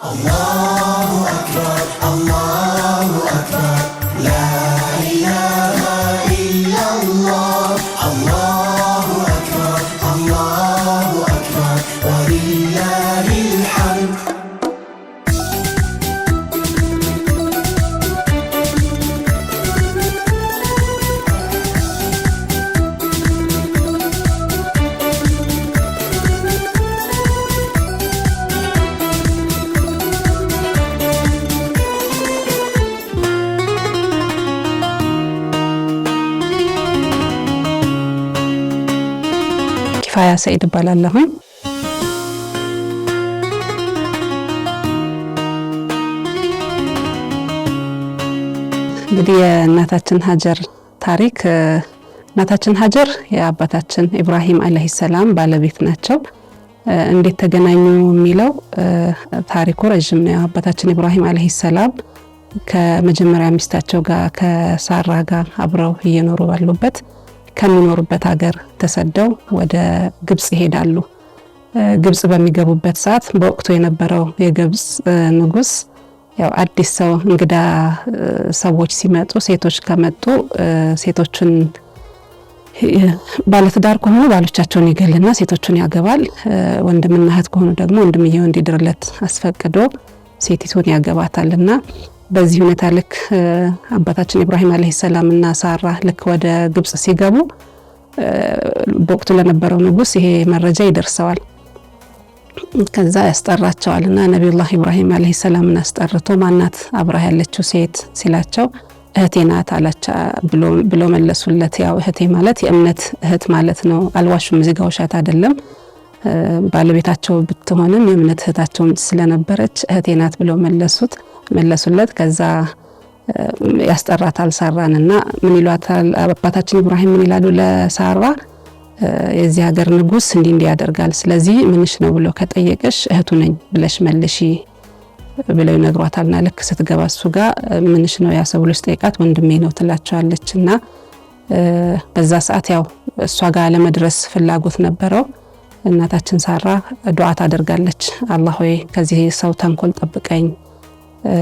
Allah. ሀያ ሰኢድ እባላለሁኝ። እንግዲህ የእናታችን ሀጀር ታሪክ እናታችን ሀጀር የአባታችን ኢብራሂም አለህ ሰላም ባለቤት ናቸው። እንዴት ተገናኙ የሚለው ታሪኩ ረዥም ነው። አባታችን ኢብራሂም አለህ ሰላም ከመጀመሪያ ሚስታቸው ጋር ከሳራ ጋር አብረው እየኖሩ ባሉበት ከሚኖሩበት ሀገር ተሰደው ወደ ግብጽ ይሄዳሉ። ግብጽ በሚገቡበት ሰዓት በወቅቱ የነበረው የግብጽ ንጉስ ያው አዲስ ሰው እንግዳ ሰዎች ሲመጡ ሴቶች ከመጡ ሴቶችን ባለትዳር ከሆኑ ባሎቻቸውን ይገልና ሴቶቹን ያገባል። ወንድምና እህት ከሆኑ ደግሞ ወንድምየው እንዲድርለት አስፈቅዶ ሴቲቱን ያገባታልና በዚህ ሁኔታ ልክ አባታችን ኢብራሂም አለህ ሰላም እና ሳራ ልክ ወደ ግብጽ ሲገቡ በወቅቱ ለነበረው ንጉስ ይሄ መረጃ ይደርሰዋል። ከዛ ያስጠራቸዋል እና ነቢዩላህ ኢብራሂም አለይሂ ሰላምን አስጠርቶ ማናት አብራህ ያለችው ሴት ሲላቸው እህቴ ናት አላቻ ብሎ መለሱለት። ያው እህቴ ማለት የእምነት እህት ማለት ነው። አልዋሹም። እዚህ ጋ ውሸት አይደለም። ባለቤታቸው ብትሆንም የእምነት እህታቸውም ስለነበረች እህቴ ናት ብሎ መለሱት። መለሱለት። ከዛ ያስጠራታል ሳራን እና ምን ይሏታል አባታችን ኢብራሂም ምን ይላሉ ለሳራ የዚህ ሀገር ንጉስ እንዲህ እንዲህ ያደርጋል፣ ስለዚህ ምንሽ ነው ብሎ ከጠየቀሽ እህቱ ነኝ ብለሽ መልሺ ብለው ይነግሯታልና ልክ ስትገባ እሱ ጋር ምንሽ ነው ያሰው ብሎ ሲጠይቃት ወንድሜ ነው ትላቸዋለች። እና በዛ ሰዓት ያው እሷ ጋር ለመድረስ ፍላጎት ነበረው። እናታችን ሳራ ዱዓ ታደርጋለች፣ አላህ ሆይ ከዚህ ሰው ተንኮል ጠብቀኝ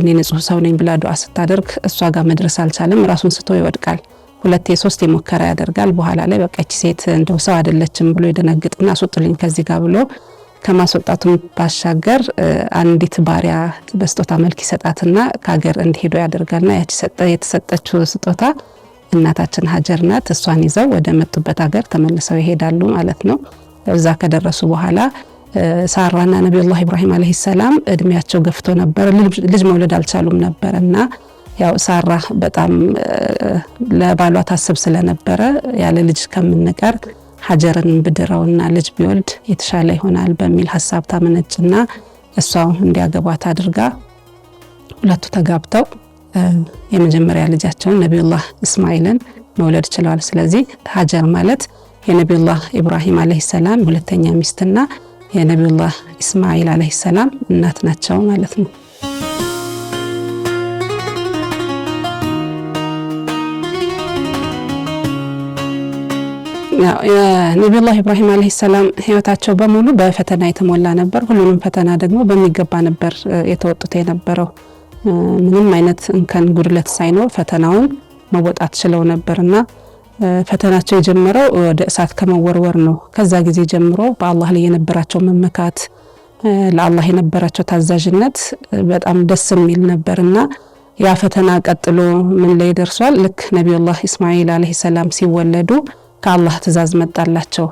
እኔ ንጹህ ሰው ነኝ ብላ ዱዓ ስታደርግ እሷ ጋር መድረስ አልቻለም። ራሱን ስቶ ይወድቃል። ሁለት የሶስት የሞከራ ያደርጋል። በኋላ ላይ በቃ ሴት እንደው ሰው አይደለችም ብሎ የደነግጥና አስወጡልኝ ከዚህ ጋር ብሎ ከማስወጣቱም ባሻገር አንዲት ባሪያ በስጦታ መልክ ይሰጣትና ከሀገር እንዲሄዱ ያደርጋልና ያቺ የተሰጠችው ስጦታ እናታችን ሀጀር ናት። እሷን ይዘው ወደ መጡበት ሀገር ተመልሰው ይሄዳሉ ማለት ነው። እዛ ከደረሱ በኋላ ሳራና ነቢዩላህ ኢብራሂም ዓለይሂ ሰላም እድሜያቸው ገፍቶ ነበር ልጅ መውለድ አልቻሉም ነበር እና ያው ሳራ በጣም ለባሏ ታስብ ስለነበረ ያለ ልጅ ከምንቀር ሀጀርን ብድረውና ልጅ ቢወልድ የተሻለ ይሆናል በሚል ሀሳብ ታመነጭና እሷው እንዲያገቧት አድርጋ ሁለቱ ተጋብተው የመጀመሪያ ልጃቸውን ነቢዩላህ እስማኤልን መውለድ ችለዋል። ስለዚህ ሀጀር ማለት የነቢዩላህ ኢብራሂም ዓለይሂ ሰላም ሁለተኛ ሚስትና የነቢዩላህ ኢስማኤል ዓለይሂ ሰላም እናት ናቸው ማለት ነው። የነቢዩላህ ኢብራሂም ዓለይሂ ሰላም ህይወታቸው በሙሉ በፈተና የተሞላ ነበር። ሁሉንም ፈተና ደግሞ በሚገባ ነበር የተወጡት የነበረው ምንም አይነት እንከን ጉድለት ሳይኖር ፈተናውን መወጣት ችለው ነበርና። እና ፈተናቸው የጀመረው ወደ እሳት ከመወርወር ነው። ከዛ ጊዜ ጀምሮ በአላህ ላይ የነበራቸው መመካት፣ ለአላህ የነበራቸው ታዛዥነት በጣም ደስ የሚል ነበር እና ያ ፈተና ቀጥሎ ምን ላይ ደርሷል? ልክ ነቢዩላህ እስማኤል አለይሂ ሰላም ሲወለዱ ከአላህ ትእዛዝ መጣላቸው።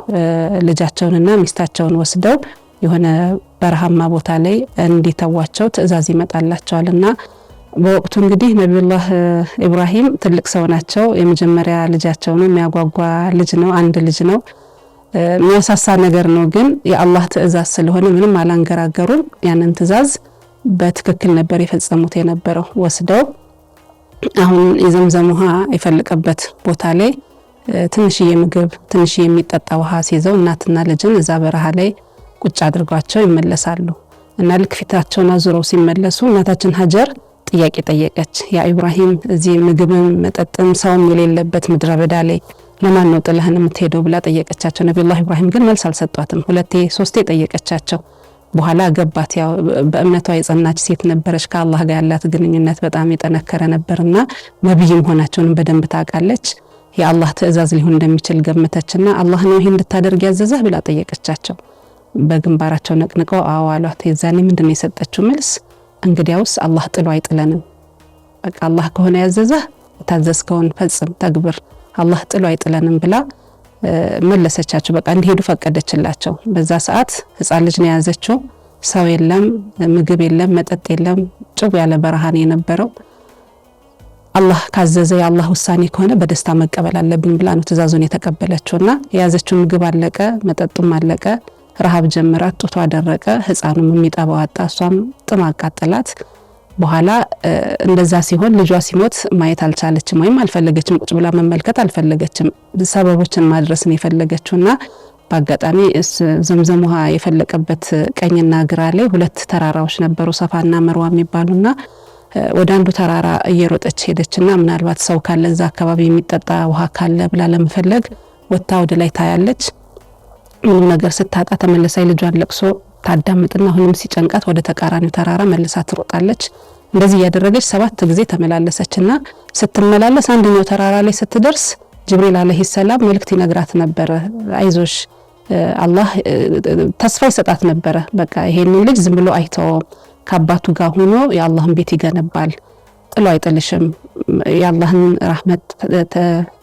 ልጃቸውንና ሚስታቸውን ወስደው የሆነ በረሃማ ቦታ ላይ እንዲተዋቸው ትእዛዝ ይመጣላቸዋል እና በወቅቱ እንግዲህ ነቢዩላህ ኢብራሂም ትልቅ ሰው ናቸው። የመጀመሪያ ልጃቸው ነው። የሚያጓጓ ልጅ ነው። አንድ ልጅ ነው። የሚያሳሳ ነገር ነው። ግን የአላህ ትዕዛዝ ስለሆነ ምንም አላንገራገሩም። ያንን ትዕዛዝ በትክክል ነበር የፈጸሙት የነበረው። ወስደው አሁን የዘምዘም ውሃ የፈለቀበት ቦታ ላይ ትንሽዬ ምግብ፣ ትንሽዬ የሚጠጣ ውሃ ሲይዘው እናትና ልጅን እዛ በረሃ ላይ ቁጭ አድርጓቸው ይመለሳሉ እና ልክ ፊታቸውን አዙረው ሲመለሱ እናታችን ሀጀር ጥያቄ ጠየቀች። ያ ኢብራሂም እዚህ ምግብም መጠጥም ሰውም የሌለበት ምድረ በዳ ላይ ለማን ነው ጥለህን የምትሄደው ብላ ጠየቀቻቸው። ነቢዩላህ ኢብራሂም ግን መልስ አልሰጧትም። ሁለቴ ሶስቴ ጠየቀቻቸው። በኋላ ገባት። ያው በእምነቷ የጸናች ሴት ነበረች። ከአላህ ጋር ያላት ግንኙነት በጣም የጠነከረ ነበርና ነቢይ ሆናቸውን በደንብ ታውቃለች። የአላህ ትእዛዝ ሊሆን እንደሚችል ገመተችና አላህ ነው ይሄ እንድታደርግ ያዘዘህ ብላ ጠየቀቻቸው። በግንባራቸው ነቅንቀው አዋሏት። የዛኔ ምንድን ነው የሰጠችው መልስ? እንግዲያውስ አላህ ጥሎ አይጥለንም። በቃ አላህ ከሆነ ያዘዘህ የታዘዝከውን ፈጽም ተግብር፣ አላህ ጥሎ አይጥለንም ብላ መለሰቻቸው። በቃ እንዲሄዱ ፈቀደችላቸው። በዛ ሰዓት ህፃን ልጅ ነው የያዘችው። ሰው የለም፣ ምግብ የለም፣ መጠጥ የለም። ጭው ያለ በረሃን የነበረው አላህ ካዘዘ የአላህ ውሳኔ ከሆነ በደስታ መቀበል አለብኝ ብላ ነው ትእዛዙን የተቀበለችው እና የያዘችው ምግብ አለቀ፣ መጠጡም አለቀ። ረሃብ ጀመራት። ጡቷ ደረቀ። ህፃኑም የሚጠባው አጣ። እሷም ጥም አቃጠላት። በኋላ እንደዛ ሲሆን ልጇ ሲሞት ማየት አልቻለችም፣ ወይም አልፈለገችም። ቁጭ ብላ መመልከት አልፈለገችም። ሰበቦችን ማድረስን የፈለገችውና በአጋጣሚ ዘምዘም ውሃ የፈለቀበት ቀኝና ግራ ላይ ሁለት ተራራዎች ነበሩ፣ ሰፋና መርዋ የሚባሉና ወደ አንዱ ተራራ እየሮጠች ሄደችና ምናልባት ሰው ካለ እዛ አካባቢ የሚጠጣ ውሃ ካለ ብላ ለመፈለግ ወጥታ ወደ ላይ ታያለች። ምንም ነገር ስታጣ ተመልሳ ልጇን ለቅሶ ታዳምጥና አሁንም ሲጨንቃት ወደ ተቃራኒው ተራራ መልሳ ትሮጣለች። እንደዚህ እያደረገች ሰባት ጊዜ ተመላለሰችና ስትመላለስ አንደኛው ተራራ ላይ ስትደርስ ጅብሪል አለይሂ ሰላም መልእክት ይነግራት ነበረ። አይዞሽ አላህ ተስፋ ይሰጣት ነበረ። በቃ ይሄንን ልጅ ዝም ብሎ አይተውም። ከአባቱ ጋር ሆኖ የአላህን ቤት ይገነባል። ጥሎ አይጥልሽም። የአላህን ራህመት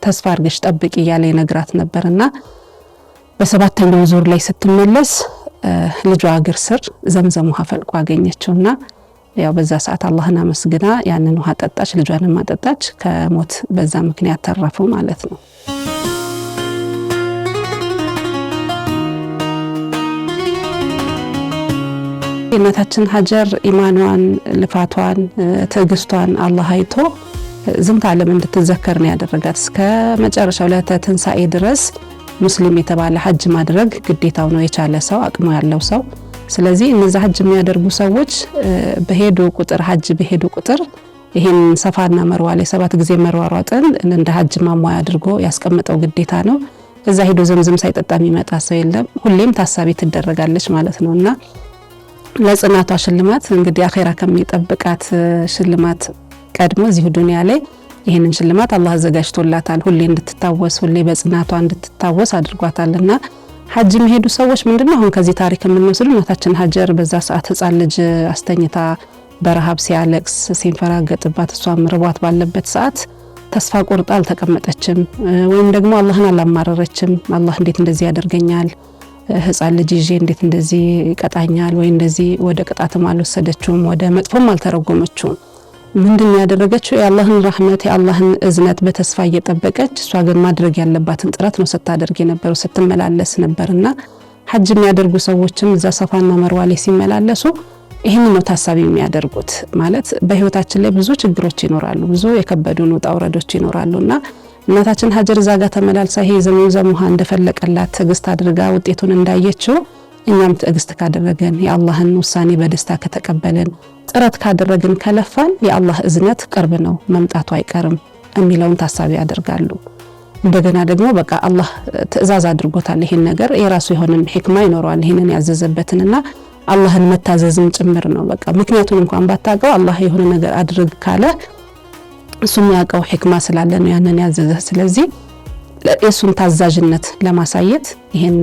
ተስፋ አድርገሽ ጠብቂ እያለ ይነግራት ነበርና በሰባተኛው ዙር ላይ ስትመለስ ልጇ እግር ስር ዘምዘም ውሃ ፈልቆ አገኘችውና ያው በዛ ሰዓት አላህን አመስግና ያንን ውሃ ጠጣች፣ ልጇንም አጠጣች። ከሞት በዛ ምክንያት ተረፉ ማለት ነው። የእናታችን ሀጀር ኢማኗን፣ ልፋቷን፣ ትዕግስቷን አላህ አይቶ ዝምታ ዓለም እንድትዘከር ነው ያደረጋት እስከ መጨረሻው ለተትንሳኤ ድረስ ሙስሊም የተባለ ሀጅ ማድረግ ግዴታው ነው የቻለ ሰው አቅሙ ያለው ሰው። ስለዚህ እነዚ ሀጅ የሚያደርጉ ሰዎች በሄዱ ቁጥር ሀጅ በሄዱ ቁጥር ይህን ሰፋና መርዋ ላይ ሰባት ጊዜ መሯሯጥን እንደ ሀጅ ማሟያ አድርጎ ያስቀምጠው ግዴታ ነው። እዛ ሄዶ ዘምዘም ሳይጠጣ የሚመጣ ሰው የለም። ሁሌም ታሳቢ ትደረጋለች ማለት ነው እና ለጽናቷ ሽልማት እንግዲህ አኼራ ከሚጠብቃት ሽልማት ቀድሞ እዚሁ ዱኒያ ላይ ይህንን ሽልማት አላህ አዘጋጅቶላታል። ሁሌ እንድትታወስ ሁሌ በጽናቷ እንድትታወስ አድርጓታልና ሀጅ የሚሄዱ ሰዎች ምንድነው አሁን ከዚህ ታሪክ የምንወስዱ እናታችን ሀጀር በዛ ሰዓት ህፃን ልጅ አስተኝታ በረሃብ ሲያለቅስ ሲንፈራገጥባት እሷም ርቧት ባለበት ሰዓት ተስፋ ቆርጣ አልተቀመጠችም፣ ወይም ደግሞ አላህን አላማረረችም። አላህ እንዴት እንደዚህ ያደርገኛል ህፃን ልጅ ይዤ እንዴት እንደዚህ ይቀጣኛል? ወይ እንደዚህ ወደ ቅጣትም አልወሰደችውም፣ ወደ መጥፎም አልተረጎመችውም። ምንድን ያደረገችው የአላህን ራህመት የአላህን እዝነት በተስፋ እየጠበቀች እሷ ግን ማድረግ ያለባትን ጥረት ነው ስታደርግ የነበረው ስትመላለስ ነበር ሐጅ የሚያደርጉ ሰዎችም እዛ ሰፋና መርዋ ላይ ሲመላለሱ ይህን ነው ታሳቢ የሚያደርጉት። ማለት በህይወታችን ላይ ብዙ ችግሮች ይኖራሉ፣ ብዙ የከበዱን ውጣ ውረዶች ይኖራሉ እና እናታችን ሀጀር እዛ ጋር ተመላልሳ ይሄ ዘመን ዘሙሃ እንደፈለቀላት ትዕግስት አድርጋ ውጤቱን እንዳየችው እኛም ትዕግስት ካደረገን የአላህን ውሳኔ በደስታ ከተቀበልን ጥረት ካደረግን ከለፋን የአላህ እዝነት ቅርብ ነው መምጣቱ አይቀርም የሚለውን ታሳቢ ያደርጋሉ። እንደገና ደግሞ በቃ አላህ ትዕዛዝ አድርጎታል ይህን ነገር የራሱ የሆነም ሕክማ ይኖረዋል። ይህንን ያዘዘበትንና አላህን መታዘዝም ጭምር ነው። በቃ ምክንያቱን እንኳን ባታውቀው አላህ የሆነ ነገር አድርግ ካለ እሱም ያውቀው ሕክማ ስላለ ነው ያንን ያዘዘ። ስለዚህ የእሱን ታዛዥነት ለማሳየት ይህን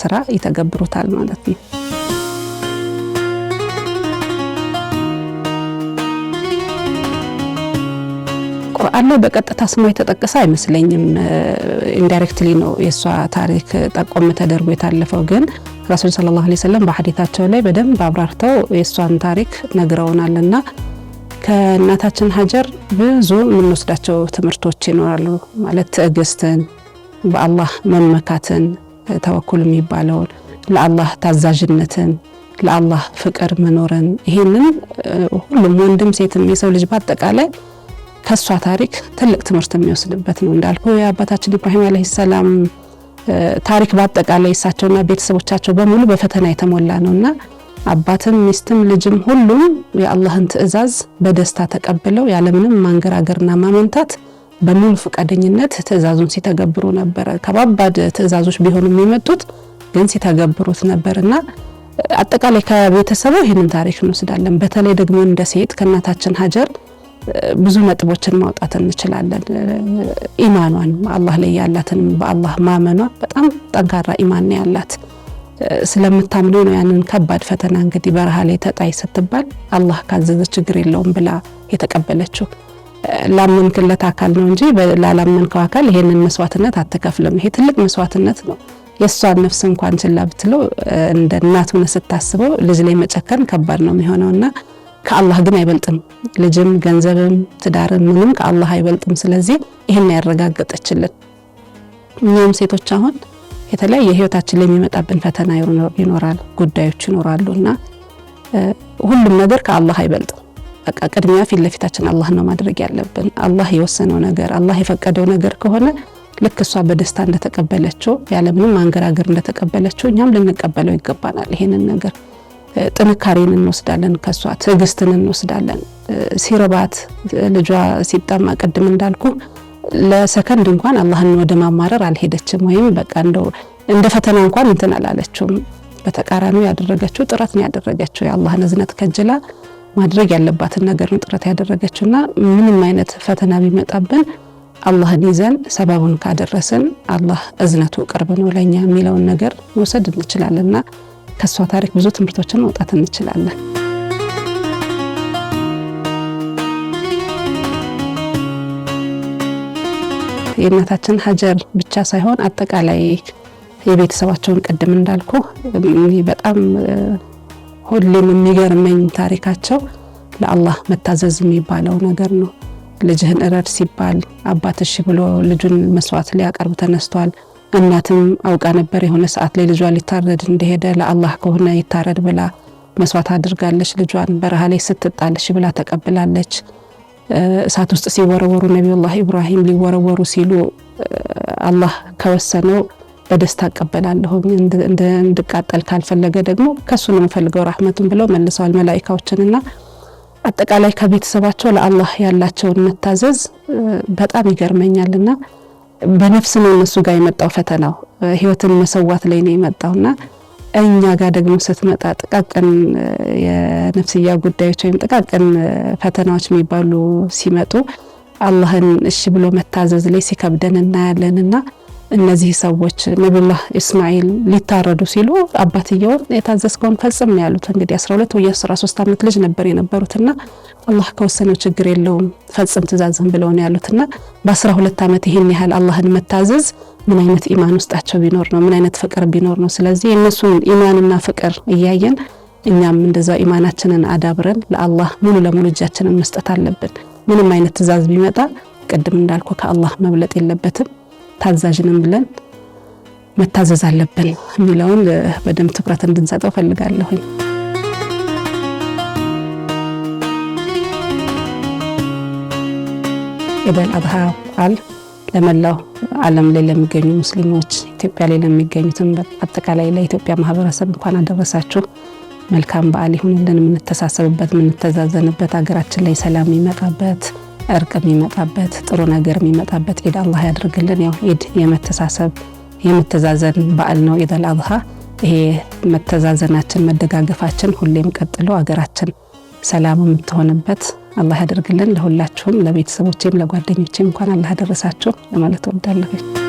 ስራ ይተገብሩታል ማለት ነው። ቁርአን ላይ በቀጥታ ስሟ የተጠቀሰ አይመስለኝም። ኢንዳይሬክትሊ ነው የእሷ ታሪክ ጠቆም ተደርጎ የታለፈው። ግን ረሱል ሰለላሁ ዐለይሂ ወሰለም በሀዲታቸው ላይ በደንብ አብራርተው የእሷን ታሪክ ነግረውናል እና ከእናታችን ሀጀር ብዙ የምንወስዳቸው ትምህርቶች ይኖራሉ ማለት ትዕግስትን በአላህ መመካትን ተወኩል የሚባለውን ለአላህ ታዛዥነትን ለአላህ ፍቅር መኖርን ይህንን ሁሉም ወንድም ሴትም የሰው ልጅ በአጠቃላይ ከእሷ ታሪክ ትልቅ ትምህርት የሚወስድበት ነው። እንዳልኩ የአባታችን ኢብራሂም ዓለይሂ ሰላም ታሪክ በአጠቃላይ እሳቸውና ቤተሰቦቻቸው በሙሉ በፈተና የተሞላ ነው እና አባትም ሚስትም ልጅም ሁሉም የአላህን ትዕዛዝ በደስታ ተቀብለው ያለምንም ማንገራገርና ማመንታት በሙሉ ፈቃደኝነት ትዕዛዙን ሲተገብሩ ነበረ። ከባባድ ትዕዛዞች ቢሆኑ የሚመጡት ግን ሲተገብሩት ነበር እና አጠቃላይ ከቤተሰቡ ይህንን ታሪክ እንወስዳለን። በተለይ ደግሞ እንደ ሴት ከእናታችን ሀጀር ብዙ ነጥቦችን ማውጣት እንችላለን። ኢማኗን አላህ ላይ ያላትን በአላህ ማመኗ በጣም ጠንካራ ኢማን ያላት። ስለምታምነው ነው ያንን ከባድ ፈተና እንግዲህ በረሃ ላይ ተጣይ ስትባል አላህ ካዘዘ ችግር የለውም ብላ የተቀበለችው ላመንክለት አካል ነው እንጂ ላላመንከው አካል ይሄንን መስዋዕትነት አትከፍልም። ይሄ ትልቅ መስዋዕትነት ነው። የእሷን ነፍስ እንኳን ችላ ብትለው እንደ እናት ሆነ ስታስበው ልጅ ላይ መጨከን ከባድ ነው የሚሆነውና ከአላህ ግን አይበልጥም። ልጅም፣ ገንዘብም፣ ትዳርም ምንም ከአላህ አይበልጥም። ስለዚህ ይህን ያረጋገጠችልን እኛም ሴቶች አሁን የተለያየ ህይወታችን ላይ የሚመጣብን ፈተና ይኖራል፣ ጉዳዮች ይኖራሉ እና ሁሉም ነገር ከአላህ አይበልጥም። በቃ ቅድሚያ ፊት ለፊታችን አላህ ነው ማድረግ ያለብን። አላህ የወሰነው ነገር አላህ የፈቀደው ነገር ከሆነ ልክ እሷ በደስታ እንደተቀበለችው ያለምንም አንገራገር እንደተቀበለችው እኛም ልንቀበለው ይገባናል። ይሄንን ነገር ጥንካሬን እንወስዳለን ከሷ ትዕግስትን እንወስዳለን። ሲርባት ልጇ ሲጠማ ቅድም እንዳልኩ ለሰከንድ እንኳን አላህን ወደ ማማረር አልሄደችም፣ ወይም በቃ እንደው እንደ ፈተና እንኳን እንትን አላለችውም። በተቃራኒው ያደረገችው ጥረት ነው ያደረገችው የአላህን እዝነት ከጅላ ማድረግ ያለባትን ነገር ነው ጥረት ያደረገችውና ምንም አይነት ፈተና ቢመጣብን አላህን ይዘን ሰበቡን ካደረስን አላህ እዝነቱ ቅርብ ነው ለኛ የሚለውን ነገር መውሰድ እንችላለንና ከእሷ ታሪክ ብዙ ትምህርቶችን መውጣት እንችላለን። የእናታችን ሀጀር ብቻ ሳይሆን አጠቃላይ የቤተሰባቸውን ቅድም እንዳልኩ በጣም ሁሌም የሚገርመኝ ታሪካቸው ለአላህ መታዘዝ የሚባለው ነገር ነው። ልጅህን እረድ ሲባል አባትሽ ብሎ ልጁን መስዋዕት ሊያቀርብ ተነስቷል። እናትም አውቃ ነበር የሆነ ሰዓት ላይ ልጇ ሊታረድ እንደሄደ ለአላህ ከሆነ ይታረድ ብላ መስዋዕት አድርጋለች። ልጇን በረሃ ላይ ስትጣል ብላ ተቀብላለች። እሳት ውስጥ ሲወረወሩ ነቢዩላህ ኢብራሂም ሊወረወሩ ሲሉ አላህ ከወሰነው በደስታ እቀበላለሁ። እንድቃጠል ካልፈለገ ደግሞ ከሱ ነው የምፈልገው ራህመቱን ብለው መልሰዋል መላኢካዎችንና አጠቃላይ ከቤተሰባቸው ለአላህ ያላቸውን መታዘዝ በጣም ይገርመኛል እና በነፍስ ነው እነሱ ጋር የመጣው ፈተናው ህይወትን መሰዋት ላይ ነው የመጣውና እኛ ጋር ደግሞ ስትመጣ ጥቃቅን የነፍስያ ጉዳዮች ወይም ጥቃቅን ፈተናዎች የሚባሉ ሲመጡ አላህን እሺ ብሎ መታዘዝ ላይ ሲከብደን እናያለንና እነዚህ ሰዎች ነቢዩላህ ኢስማኤል ሊታረዱ ሲሉ አባትየውን የታዘዝከውን ፈጽም ነው ያሉት። እንግዲህ 12 ወይ 13 ዓመት ልጅ ነበር የነበሩትና አላህ ከወሰነው ችግር የለውም ፈጽም ትእዛዝን ብለው ነው ያሉትና በ12 ዓመት ይህን ያህል አላህን መታዘዝ ምን አይነት ኢማን ውስጣቸው ቢኖር ነው? ምን አይነት ፍቅር ቢኖር ነው? ስለዚህ የእነሱን ኢማንና ፍቅር እያየን እኛም እንደዛ ኢማናችንን አዳብረን ለአላህ ሙሉ ለሙሉ እጃችንን መስጠት አለብን። ምንም አይነት ትእዛዝ ቢመጣ ቅድም እንዳልኩ ከአላህ መብለጥ የለበትም። ታዛዥንም ብለን መታዘዝ አለብን የሚለውን በደንብ ትኩረት እንድንሰጠው ፈልጋለሁኝ። ኢድ አል አድሃ በዓል ለመላው ዓለም ላይ ለሚገኙ ሙስሊሞች ኢትዮጵያ ላይ ለሚገኙትም አጠቃላይ ለኢትዮጵያ ማህበረሰብ እንኳን አደረሳችሁ። መልካም በዓል ይሁንልን። የምንተሳሰብበት፣ የምንተዛዘንበት፣ ሀገራችን ላይ ሰላም ይመጣበት እርቅ የሚመጣበት ጥሩ ነገር የሚመጣበት ኢድ አላህ ያድርግልን። ያው ኢድ የመተሳሰብ የመተዛዘን በዓል ነው። ኢደል አልአድሃ ይሄ መተዛዘናችን መደጋገፋችን ሁሌም ቀጥሎ አገራችን ሰላም የምትሆንበት አላህ ያደርግልን። ለሁላችሁም ለቤተሰቦቼም ለጓደኞቼም እንኳን አላህ ያደረሳችሁ ለማለት ወዳለሁ።